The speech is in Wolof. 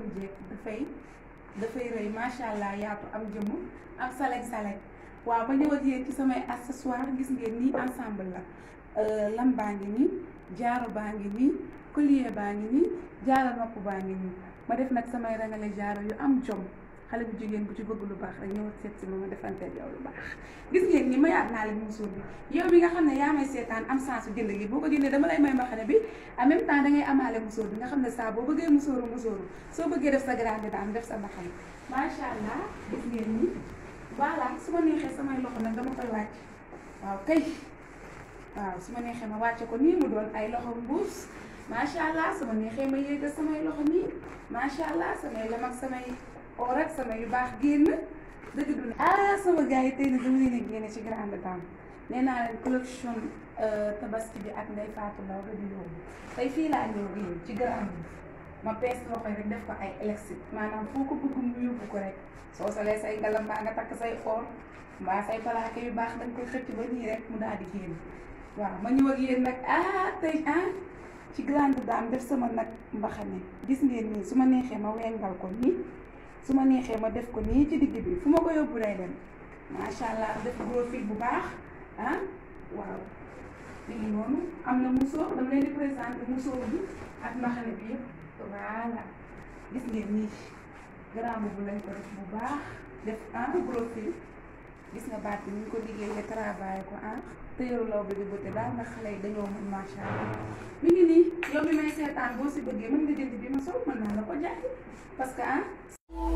sum jeeg dafay dafay rëy macha allah yaatu am jëmm am salaj salaj waaw ma ñëwaat yéen ci samay accessoire gis ngeen nii ensemble la euh, lam baa ngi nii jaaro baa ngi nii collier baa ngi nii jaaro nopp baa ngi nii ma def nag samay rangale jaaro yu am jom xale bu jigen bu ci bëgg lu baax rek ñëw seet si ma ma defanteeg yow lu baax gis ngeen ni ma yaat na leen musuur bi yow mi nga xamne ya may seetaan am sens su jënd gi boko jënd dama lay may mbaxane bi en même temps da ngay amaale musuur bi nga xamne sa bo saa boo bëggee musóoru musóoru so bëggee def sa grande daan def sa ma sha allah gis ngeen ni wala su ma neexee samay loxo nak dama koy wacc waaw kay waaw su ma neexee ma wàcce ko ni mu doon ay loxo mbuss ma sha allah su ma neexee ma yéggé samay loxo ni ma sha allah samay lamak ak samay oo rag sameeyo baaxgeedna dagdhun aad ah, samagaahitayna dawdayna geena shigana andataan neenaanan collection tebas euh, tabaskigi ak nday faatu loogadi yoogu tay fiilaan yoogiyo jigar andu ma pesto loo koy rek ko ay elexit ma nam ko bëgg mu yóbbu so rek soo salee say ngalam baa nga takk say oor mbaa say palaake yu baax dañ koy xëcc ba nii rek mu daal di génn waaw ma ñëw ak yéen nag ah tey ah ci grande dame def sama nag mbaxane gis ngeen nii su ma neexee ma wengal ko nii su ma neexee ma def ko nii ci digg bi fu ma ko yóbbu day dem macha allah def profil bu baax ah waaw li ngi noonu am na musóor dama leen di présenté musóor bi ak maxane bi yëpp voilà gis ngeen bu lañ ko def bu baax def ah profil gis nga baat bi ñu ko liggéey nga travail ko ah téyeru law bi di bëtte daal ndax xale yi dañoo mën macha allah mi ngi nii yow may seetaan boo si bëggee mën nga jënd bi ma sol mën naa la ko jaay parce que ah